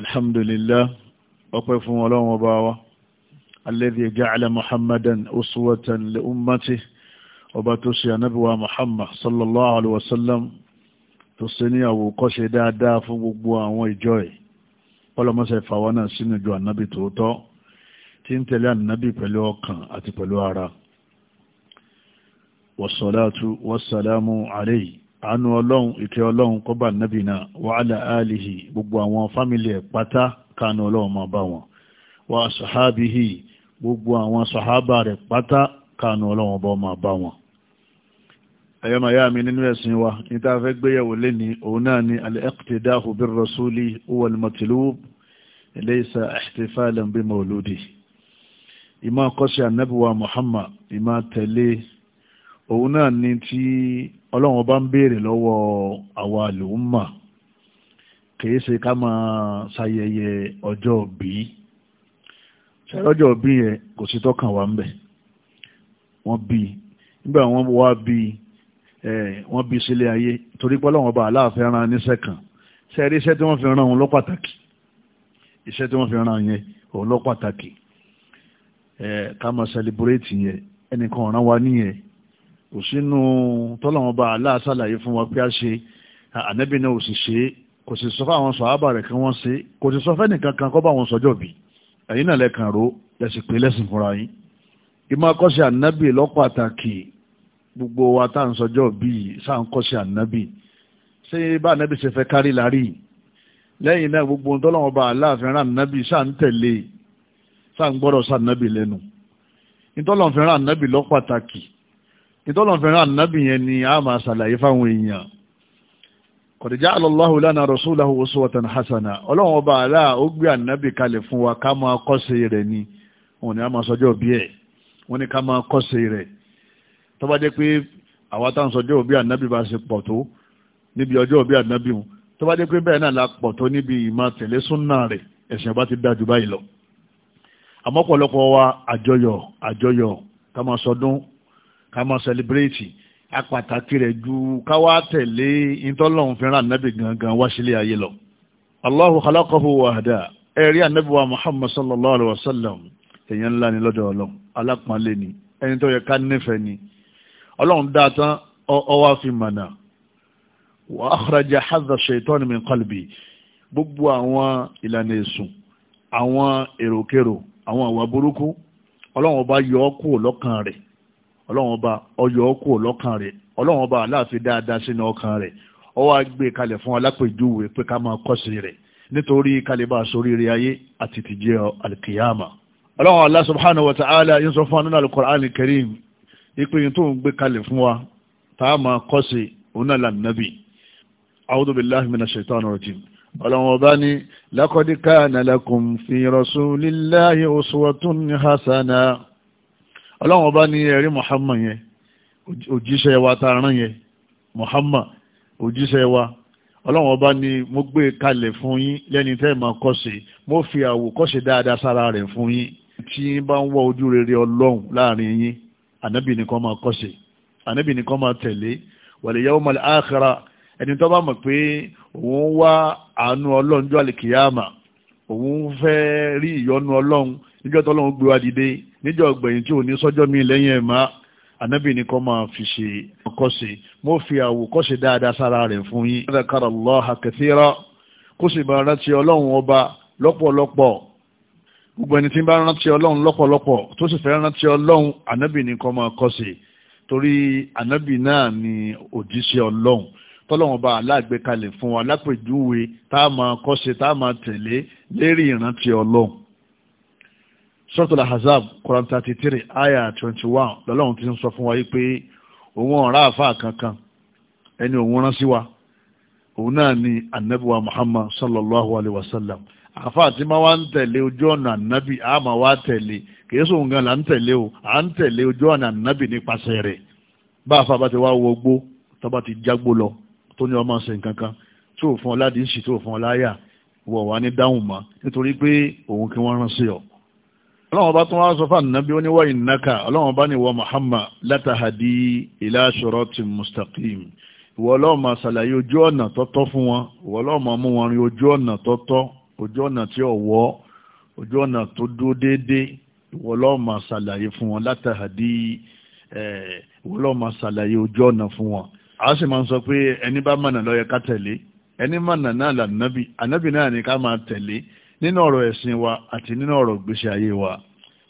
alhamdulillah ọpẹ́ fún ọlọ́run ọba wa alladhi ja'ala muhammadan uswatan li ummati ọba tó ṣe anábíwa muhammad sallallahu alaihi wasallam tó ṣe ní àwòkọ́ṣe dáadáa fún gbogbo àwọn ìjọ ẹ̀ ọlọ́mọṣẹ́ fàwọn náà sínú ìjọ anábì tòótọ́ tí ń tẹ̀lé anábì pẹ̀lú ọkàn àti pẹ̀lú ara wassalatu wassalamu àánú ọlọ́run ìtẹ́ ọlọ́run kọ́bà nábì náà wà ala alihi gbogbo àwọn fámìlì ẹ̀ pátá kánú ọlọ́run máa bá wọn wà sàhábìhì gbogbo àwọn sàhábà rẹ̀ pátá kánú ọlọ́run bá máa bá wọn. ẹ̀yọ́ màá mi nínú ẹ̀sìn wa ní tá a fẹ́ gbéyàwó lẹ́ni òun náà ni al-iqtida'u bir-rasuli huwa al-matlub laysa ihtifalan bi mawludi ìmọ̀ àkọ́sí ànábì ìmọ̀ òun náà ni tí ọlọ́run bá ń béèrè lọ́wọ́ àwa àlùmà kìí ṣe ká máa ṣayẹyẹ ọjọ́ òbí òbí yẹn kò sí tọ́kàn wa ń bẹ̀ wọ́n bí nígbà wọ́n wá bí wọ́n bí sílé ayé torí pé ọlọ́run ọba aláàfẹ́ ran níṣẹ́ kan ṣe rí iṣẹ́ tí wọ́n fi ran òun lọ pàtàkì iṣẹ́ tí wọ́n fi ran yẹn òun lọ kò sínú tọ́lọ́wọ́n bá Allah ṣàlàyé fún wa pé a ṣe ànábì náà ò sì ṣe kò sì sọ fún àwọn sàhábà rẹ̀ kí wọ́n ṣe kò sì sọ fẹ́nì kankan kọ́ bá wọn sọjọ́ bí ẹ̀yin náà lẹ́kàn ró lẹ́sìn pé lẹ́sìn fúnra yín ìmọ̀ akọ́ṣe ànábì lọ́pàtàkì gbogbo wa tá à ń sọjọ́ bí sáà ń ṣé bá ànábì ṣe fẹ́ kárí lárí lẹ́yìn náà gbogbo tọ́lọ́wọ́n aláàfin ìtọ́lọ̀ fẹ́ràn ànábì yẹn ni a máa ṣàlàyé fáwọn èèyàn kọ̀dìjá alọ́láhùn lánà rọ̀súláhù uswatan hasana ọlọ́run ọba àlá ó gbé ànábì kalẹ̀ fún wa ká máa kọ́sẹ̀ rẹ̀ ni wọn ni a máa sọjọ́ bí ẹ̀ wọn ni ká máa kọ́sẹ̀ rẹ̀ tó bá jẹ́ pé àwa táwọn sọjọ́ bí ànábì bá ṣe pọ̀ tó níbi ọjọ́ bí ànábì wọn tó bá jẹ́ pé bẹ́ẹ̀ náà la pọ̀ tó níbi ìmọ̀ tẹ̀lé súnà rẹ̀ ẹ̀sìn ọba ti dájú báyìí lọ àmọ́ wa àjọyọ̀ àjọyọ̀ ká máa sọdún ká máa sẹlẹbírẹ́tì apàtàkì rẹ̀ ju káwá tẹ̀lé ìtọ́lọ́hún fẹ́ràn ànábì gangan wá sílé ayé lọ. Allahu khalaqahu wahda ẹ̀rí ànábì wa Muhammad sallallahu alayhi wa sallam èèyàn ńlá ni lọ́dọ̀ ọlọ́run alápọ̀nlé ni ẹni tó yẹ ká nífẹ̀ẹ́ ni ọlọ́run dáa tán ọwọ́ àfi mànà wa akhraja hadha shaytan min qalbi gbogbo àwọn ìlànà èsùn àwọn èròkèrò àwọn àwà burúkú ọlọ́run ọba yọ ọ́ kúrò lọ́kàn rẹ̀ ọlọ́run ọba ọyọ̀ ọkọ̀ ọlọ́kàn rẹ̀ ọlọ́run ọba aláàfin dáadáa sínú ọkàn rẹ̀ ó wá gbé kalẹ̀ fún alápèjúwe pé ká máa kọ́sí rẹ̀ nítorí kalẹ̀bá sóríire ayé àti tìjẹ́ alkiyama ọlọ́run Allah subhanahu wa ta'ala yín sọ fún anúnà al-Qur'an al-Karim ipò yìí tó ń gbé kalẹ̀ fún wa tá a máa kọ́sí ọ̀nà lànàbì a'udhu billahi minash rajim ọlọ́run ọba ní laqad kana lakum fi rasulillahi uswatun ọlọ́run ọba ní ẹ̀rí Muhammad yẹn òjíṣẹ́ wa tá a yẹn Muhammad òjíṣẹ́ wa ọlọ́run ọba ní mo gbé e kalẹ̀ fún yín lẹ́ni tẹ́ ẹ̀ máa kọ́ṣe mo fi àwòkọ́ṣe dáadáa sára rẹ̀ fún yín tí yín bá ń wá ojú rere ọlọ́run láàrin yín ànábì nìkan máa kọ́ṣe ànábì nìkan máa tẹ̀lé wal yawmal akhira ẹni tó bá mọ̀ pé òun wá àánú ọlọ́run jọ́ àlìkìyàmà òun fẹ́ rí ìyọ́nú ọlọ́run níjọ́ tọ́lọ́run gbé wa dìde níjọ́ ọgbẹ̀yìn tí ò ní sọ́jọ́ mi lẹ́yìn ẹ̀ máa anábì ní kọ́ máa fi ṣe ọkọ́ṣe mo fi àwòkọ́ṣe dáadáa sára rẹ̀ fún yín. zakara allah kathira kó sì bá rántí ọlọ́run ọba lọ́pọ̀lọpọ̀ gbogbo ẹni tí bá rántí ọlọ́run lọ́pọ̀lọpọ̀ tó sì fẹ́ rántí ọlọ́run anábì ní kọ́ máa kọ́ṣe torí anábì náà ni òjíṣẹ́ ọlọ́run tọ́lọ́run ọba aláàgbékalẹ̀ fún wa lápèjúwe tá a máa kọ́ṣe tá a máa tẹ̀lé lérí ìrántí ọlọ́run suratul ahzab quran thirty three aya twenty one lọ́lọ́run ti ń sọ fún wa yìí pé òun ọ̀rá àfa kankan ẹni òun rán sí wa òun náà ni anabiwa muhammad sallallahu alayhi wa sallam àfa àti máa wá ń tẹ̀lé ojú ọ̀nà ànábì a máa wá tẹ̀lé kìí sóhun gan la ń tẹ̀lé o à ń tẹ̀lé ojú ọ̀nà ànábì nípasẹ̀ rẹ̀ bá àfa bá ti wá wọ gbó tó bá ti jágbó lọ tó ní ọmọ ṣe nǹkan kan tí fún ọ ládìí sì tó fún ọ láyà wọ̀ wá ní dáhùn mọ́ nítorí pé òun kí wọ́n rán sí ọ ọlọ́wọ́n bá tún wá sọ fún ànábí ó ní wá ìnáka ọlọ́wọ́n bá ní wọ Muhammad látàhàdí ila siratin mustaqim ìwọ ọlọ́wọ́n máa ṣàlàyé ojú ọ̀nà tọ́tọ́ fún wọn ìwọ ọlọ́wọ́n máa mú wọn rí ojú ọ̀nà tọ́tọ́ ojú ọ̀nà tí ò wọ́ ojú ọ̀nà tó dúró déédéé ìwọ ọlọ́wọ́n máa ṣàlàyé fún wọn látàhàdí ìwọ ojú ọ̀nà fún wọn a sì máa ń sọ pé ẹni bá mọ̀nà ló ká tẹ̀lé ẹni mọ̀nà náà lànàbì ànàbì náà ni ká máa tẹ̀lé nínú ọ̀rọ̀ ẹ̀sìn wa àti nínú ọ̀rọ̀ gbèsè ayé wa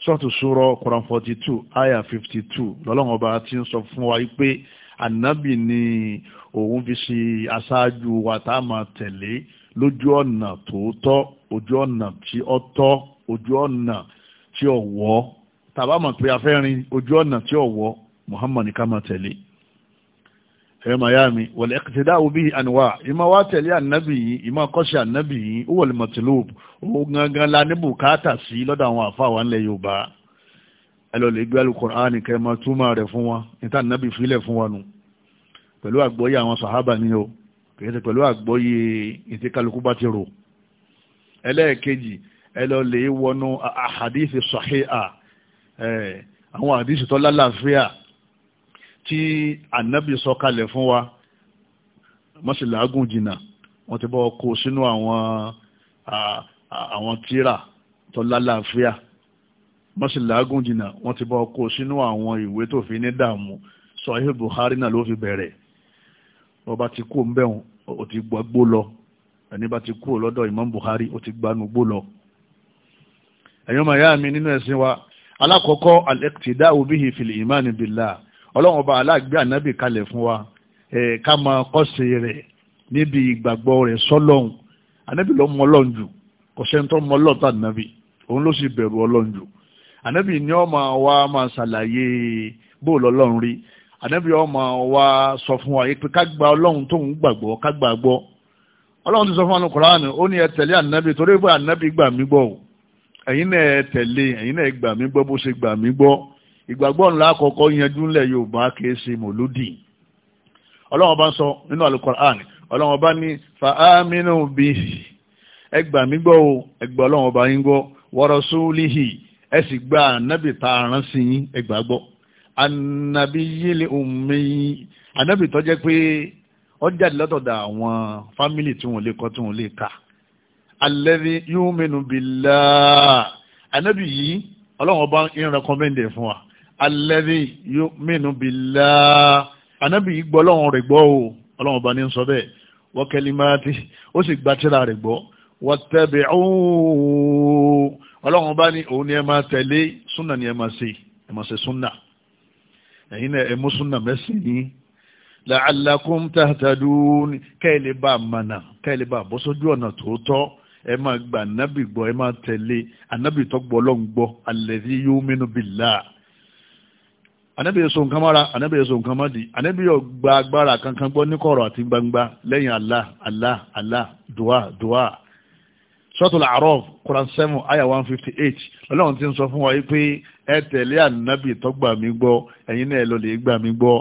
sọ́ọ̀tù sùrọ̀ Quran forty two ayah fifty two lọ́lọ́wọ́n bá ti ń sọ fún wa pé ànábì ni òun fi ṣe aṣáájú wa tá a máa tẹ̀lé lójú ọ̀nà tòótọ́ ojú ọ̀nà tí ó tọ́ ojú ọ̀nà tí ó wọ́ tàbá mọ̀ pé afẹ́rin ojú ọ̀nà tí ó wọ́ Muhammad ká máa tẹ̀lé ẹ̀rẹ́ miami wal iqtida'u bihi anwa ìmọ̀ wá tẹ̀lé ànábì yìí ìmọ̀ kọ́ṣẹ́ ànábì yìí ó wọ̀lẹ̀ matlub ó gangan la ní bùkátà sí lọ́dọ̀ àwọn àfa wa ńlẹ̀ yorùbá ẹ lọ lè gbé alukur'ani kẹ́ máa túmọ̀ rẹ̀ fún wa níta ànábì filẹ̀ fún wa nù pẹ̀lú àgbọ́yé àwọn sàhábà ni o kìí àwọn àdíìsì tó lálàáfíà tí ànábì sọ kalẹ̀ fún wa mọ́sílẹ̀ agùn jìnnà wọ́n ti bọ́ kó sínú àwọn àwọn tíra tó lálàáfíà mọ́sílẹ̀ agùn jìnnà wọ́n ti bọ́ kó sínú àwọn ìwé tó fi ní dààmú Sahih Buhari náà ló fi bẹ̀rẹ̀ wọ́n bá ti kó ń bẹ̀rùn ó ti gbàgbó lọ ẹni bá ti kú lọ́dọ̀ Imam Buhari ó ti gbanugbó lọ ẹ̀yọ́ màyá mi nínú ẹ̀sìn wa alákọ̀ọ́kọ́ al-iqtida'u bihi fil imani billah ọlọ́run ọba aláàgbé ànábì kalẹ̀ fún wa ká máa kọ́sì rẹ̀ níbi ìgbàgbọ́ rẹ̀ sọ́lọ́hun ànábì ló mọ ọlọ́run jù kò sẹ́ni tó mọ ọlọ́run tó ànábì òun ló sì bẹ̀rù ọlọ́run jù ànábì ni ó máa wá máa ṣàlàyé bóòlù ọlọ́run rí ànábì ó máa wá sọ fún wa pé ká gba ọlọ́run tóun gbàgbọ́ ká gbàgbọ́ ọlọ́run ti sọ fún alukùránì ó ní ẹ tẹ̀lé ànábì torí pé ànábì gbà mí ìgbàgbọ́ ńlá àkọ́kọ́ yanjú ńlẹ̀ yorùbá kìí ṣe mòlúdì ọlọ́run bá ń sọ nínú alukoran ọlọ́run bá ní fàámínú bí ẹ gbà mí gbọ́ o ẹ gbà bá yín gbọ́ wa rasulihi ẹ sì gba ànábì tá a rán sí yín ẹ gbà gbọ́ ànábì yílẹ̀ ummi ànábì tó pé ó jáde látọ̀dà àwọn fámìlì tí wọ́n lè kọ́ tí wọ́n lè kà alladhi yuminu billah ànábì yìí ọlọ́run bá ń rẹ́kọ́mẹ́ndẹ̀ fún wa alladhi yu'minu billah anábì gbọ́ ọlọ́run rẹ̀ gbọ́ o ọlọ́run ọba ní sọ bẹ́ẹ̀ wa kalimati ó sì gba tírà rẹ̀ gbọ́ wattabi'u ọlọ́run ọba ní òun ni ẹ máa tẹ̀lé súnà ni ẹ máa ṣe ẹ máa ṣe súnà ẹ̀yin náà ẹ mú súnà mẹ́sìn yín la'allakum tahtadun kẹ́ẹ̀lẹ́ bá mọ̀nà kẹ́ẹ̀lẹ́ bá bọ́ sójú ọ̀nà tòótọ́ ẹ máa gba ànábì gbọ́ ẹ máa tẹ̀lé ànábì tó gbọ́ ọlọ́run gbọ́ alladhi yu'minu billah ànábì èso nǹkan mára ànábì èso nǹkan mọ́dì ànábì yóò gba agbára kankan gbọ́ ní kọ̀rọ̀ àti gbangba lẹ́yìn Allah Allah Allah dua. dùwà sọ́tò làárọ̀ Quran seven ayah one fifty eight ọlọ́run ti ń sọ fún wa pé ẹ tẹ̀lé ànábì tó gbà mí gbọ́ ẹ̀yin náà lọ lè gbà mí gbọ́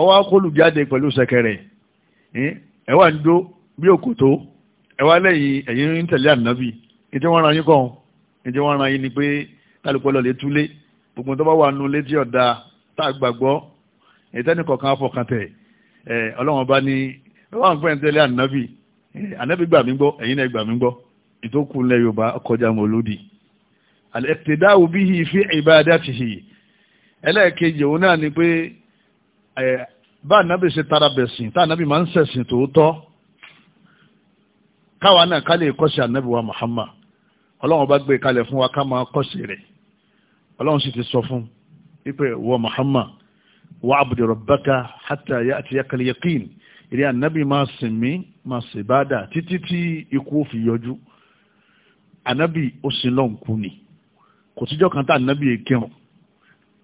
ọwọ́ akólùjáde pẹ̀lú ṣẹ̀kẹ̀rẹ̀ ẹ wà ń dó bí òkòtó ẹ wá lẹ́yìn ẹ̀yin ń tẹ̀lé ànábì ìdí wọn ra yín kọ́ ìdí wọn ra yín ni pé kálukú lọ lè túlé gbogbo tó bá wà nù létí ọ̀dà tá a gbàgbọ́ ìtẹ́nìkọ̀ọ̀kan afọkàntẹ̀ ẹ̀ ọlọ́run bá ní wọ́n ń fẹ́ẹ́ tẹ́lẹ̀ ànábì ànábì gbà mí gbọ́ ẹ̀yin náà gbà mí gbọ́ ìtókù ńlẹ̀ yorùbá kọjá fi ẹlẹ́ẹ̀kejì òun náà ni pé bá tara tá ànábì máa ń tòótọ́ káwa náà ànábì wa Muhammad bá fún wa ká máa ọlọ́run sì ti sọ fún wípé wọ Muhammad wà abdi rabbaka hatta ya'tiyakal yaqin ìrí ànábì máa sìn mí máa sì bá dà títí tí ikú fi yọjú ànábì ó sin lọ́n kú ni kò síjọ́ kan tá ànábì èkéhùn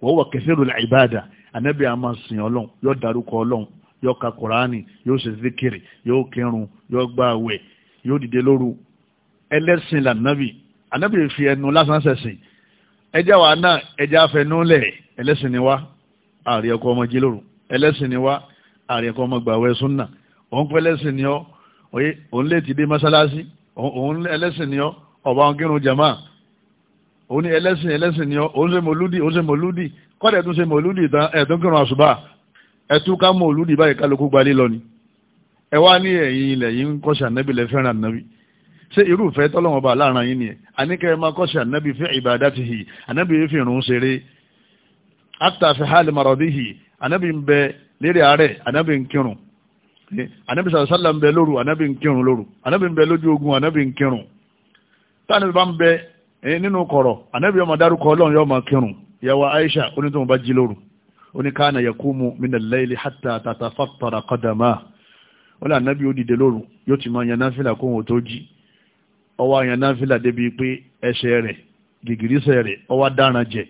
wọ́n wà kathirul ibada ànábì a máa sìn ọlọ́run yóò darúkọ ọlọ́run yóò ka kùránì yóò ṣe zikiri yóò kírun yóò gba àwẹ̀ yóò dìde lóru ẹlẹ́sìn lànàbì ànábì fi ẹnu lásán ṣẹ̀sìn ẹjẹ́ wa náà ẹjẹ́ afẹnulẹ̀ ẹlẹ́sìn ni wá ààrẹ ẹ̀kọ́ ọmọ jíròrò ẹlẹ́sìn ni wá ààrẹ ẹ̀kọ́ ọmọ gbàwẹ̀ súnà òun pẹ́ ẹlẹ́sìn ni ọ́ òun lè ti dé mọ́sálásí òun ẹlẹ́sìn ni ọ́ ọ̀bá òun kírun jàmá òun ẹlẹ́sìn ẹlẹ́sìn ni ọ́ òun ṣe mọ̀lúdì òun ṣe mọ̀lúdì kọ́dẹ̀ tún ṣe mọ̀lúdì tán ẹ̀tún kírun àṣùbà ẹ̀tún ká mọ̀lúdì báyìí kálukú gbalé lọ ni ẹ wá ní ẹ̀yìn ilẹ̀ yìí ń kọ́ṣà nẹ́bí lẹ́fẹ́ràn nẹ́bí ṣe irúfẹ́ tọ́lọ́wọ́n bá láàrin yín ni àníkẹ́ ẹ máa kọ́ṣe ànábì fi ibadatihi ànábì fi rún ṣeré hatta fi hali maradihi ànábì ń bẹ lérí àárẹ̀ ànábì ń kírun eh, ànábì sàlẹ̀ ń bẹ lóru ànábì ń kírun lóru ànábì ń bẹ lójú ogun ànábì ń kírun táwọn bá ń bẹ eh, nínú kọ̀rọ̀ ànábì yóò máa dárúkọ ọlọ́run yóò máa kírun ìyàwó Aisha onítọ̀ bá jí lóru oníkànnà yakumu min al-layli ó dìde lóru yóò ti máa yan náfìlà kóhun tó jí ọwọ́ àyàn náfìlà débi pé ẹsẹ̀ rẹ̀ gìgìrísẹ̀ rẹ̀ ọwọ́ dáran jẹ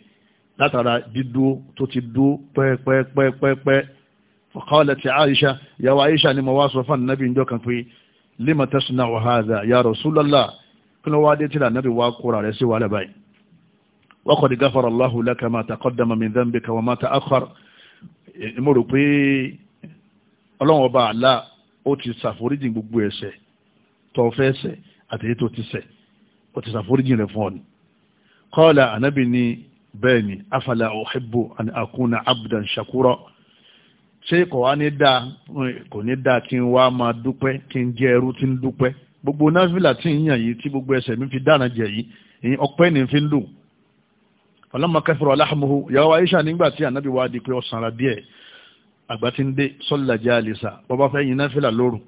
látara dídúó tó ti dúó pẹ́ẹ́pẹ́ẹ́pẹ́ẹ́pẹ́ fọ̀kọ́lẹ̀ ti Aisha yàwó Aisha ni mo wá sọ fún nàbí ìjọ kan pé lima tasna wa hadha ya Rasulullah kí ló wá dé tí lànàbí wá kóra rẹ̀ sí wàhálà báyìí waqad ghafara Allahu laka ma taqaddama min àti èyí tó ti ṣẹ̀ ó ti ṣàforíjì rẹ̀ fún ọ ni kọ́ọ̀lá ànábì ni bẹ́ẹ̀ ni afala uhibbu an akuna abdan shakura ṣé kò wá ní dáa kò ní dáa kí n wá máa dúpẹ́ kí n jẹ́ ẹrú tí ń dúpẹ́ gbogbo náfìlà tí ń yàn yìí tí gbogbo ẹsẹ̀ mi fi dáná jẹ yìí ìyìn ọpẹ́ ní fi ń lù ọlọ́mọ aláhàmúhù yàwó Aisha nígbà tí ànábì wá di pé ó sanra díẹ̀ àgbà tí ń dé sọ́lá àlìsà bọ́bá fẹ́ yìn náfìlà lóru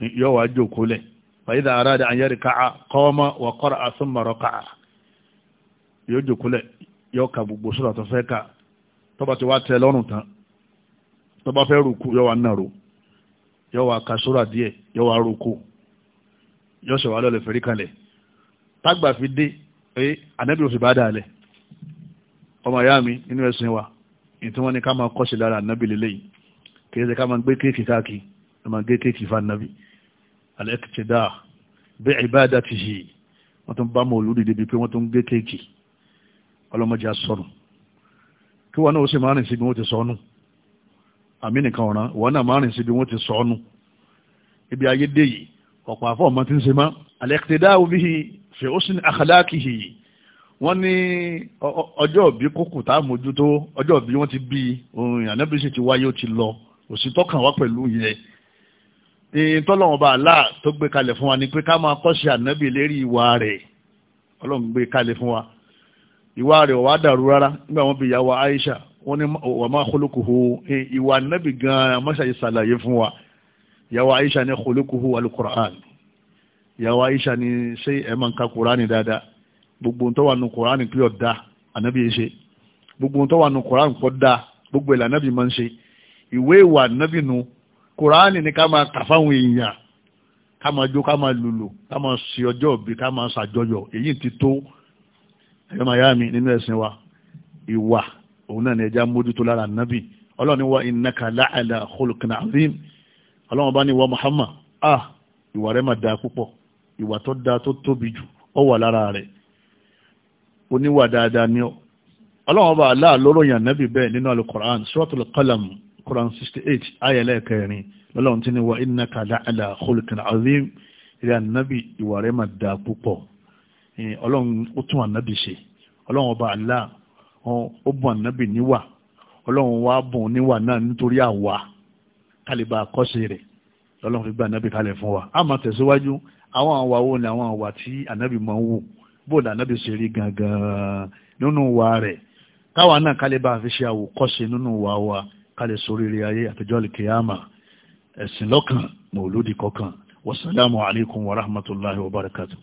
yóò wá jókòó lẹ̀ fàyídà aráàdà àyẹ̀rì káà kọ́ọ́mọ́ wà kọ́ra àsúnmọ̀rọ̀ káà yóò jòkúlẹ̀ yóò ka gbogbo sọ́dọ̀ tó fẹ́ ka tọ́ba ti wá tẹ lọ́rùn tán tọ́ba fẹ́ rúkú yóò wá nàró yóò wá ka sóra díẹ̀ yóò wá rúkú yóò ṣe wá lọ́lẹ̀ fẹ́rí kalẹ̀ tágbà fi dé pé ànábì òsì bá dàlẹ̀ ọmọ ìyá mi nínú ẹ̀sìn wa ìtí wọ́n ní ká máa kọ́sí lára ànábì lélẹ́yìn kì í ṣe ká máa gbé kéèkì káàkiri ká máa gbé kéèkì fa ànábì alẹ́kìtìdá bí ìbáàdá ti ṣe wọ́n tún bá mọ̀lúdì débi pé wọ́n tún gé kéèkì ọlọ́mọdé asọ́nù kí wọn náà ó sì máa rìn síbi wọ́n ti sọ́nù àmì ọ̀ràn wọn náà máa rìn síbi wọ́n ti sọ́nù ibi ayé dé yìí ọ̀pọ̀ àfọ́ ọmọ tí ń ṣe má alẹ́kìtìdá òbí fi ó sì ní àkàlákì yìí wọ́n ní ọjọ́ òbí kókò tá a mójútó ọjọ́ òbí wọ́n ti bí ohun ànábìsì ti wáyé ó ti lọ òsì tọ́kàn wá pẹ̀lú yẹn ìtọ́lọ́wọ́n bá aláà tó gbé kalẹ̀ fún wa ni pé ká máa kọ́ṣe ànábì lérí ìwà rẹ̀ ọlọ́run gbé kalẹ̀ fún wa ìwà rẹ̀ ọ̀wá dàrú rárá nígbà wọn bí ìyàwó Aisha wọn ní wà máa kólókòó ìwà ànábì gan-an mọ́ṣáyé ṣàlàyé fún wa ìyàwó Aisha ní kólókòó alukur'an ìyàwó Aisha ní ṣé ẹ máa ń ka kur'ani dáadáa gbogbo tó wà nù kur'ani pé ọ̀dà ànábì ṣe gbogbo tó wà nù kur'ani pọ̀ dáa gbogbo ìlànà kùránì ni ká máa kà fáwọn èèyàn ká máa jó ká máa lùlù ká máa ṣe ọjọ́ òbí ká máa ṣàjọyọ̀ èyí ti tó ẹ̀yọ́ mayami nínú ẹ̀sìn wa ìwà òun náà ni ẹja mójútó lára nábì ọlọ́run ni wa innaka la'ala khuluqin azim ọlọ́run bá ní wa Muhammad ah ìwà rẹ̀ máa da púpọ̀ ìwà tó da tó tóbi jù ọ wà lára rẹ̀ oníwà dáadáa ni ọ ọlọ́run bá aláà yàn nábì bẹ́ẹ̀ nínú al-Qur'an suratul qalam Quran 68 eight ayẹlẹ kẹrin lọ́lọ́run ti ní wa innaka la'ala khuluqin azim ìrẹ́ ànábì ìwà rẹ̀ máa da púpọ̀ ọlọ́run ó tún ànábì ṣe ọlọ́run ọba Allah ó bùn ànábì níwà ọlọ́run wá bùn níwà náà nítorí àwa kálíbà àkọ́ṣe rẹ̀ lọ́lọ́run fi gbé ànábì kalẹ̀ fún wa a máa tẹ̀síwájú àwọn àwa wo ni àwọn àwa tí ànábì máa ń wù bóòdù ànábì ṣe rí gangan nínú wa rẹ̀ káwa náà kálíbà fi ṣe àwòkọ́ṣe nínú wa wa ká lè sórí ilé ayé àtijọ́ àlìkèyàmà ẹ̀sìn lọ́kàn mọ̀lúdì kọ̀ọ̀kan wasalaamu alaykum wa rahmatulahi wa barakatuh.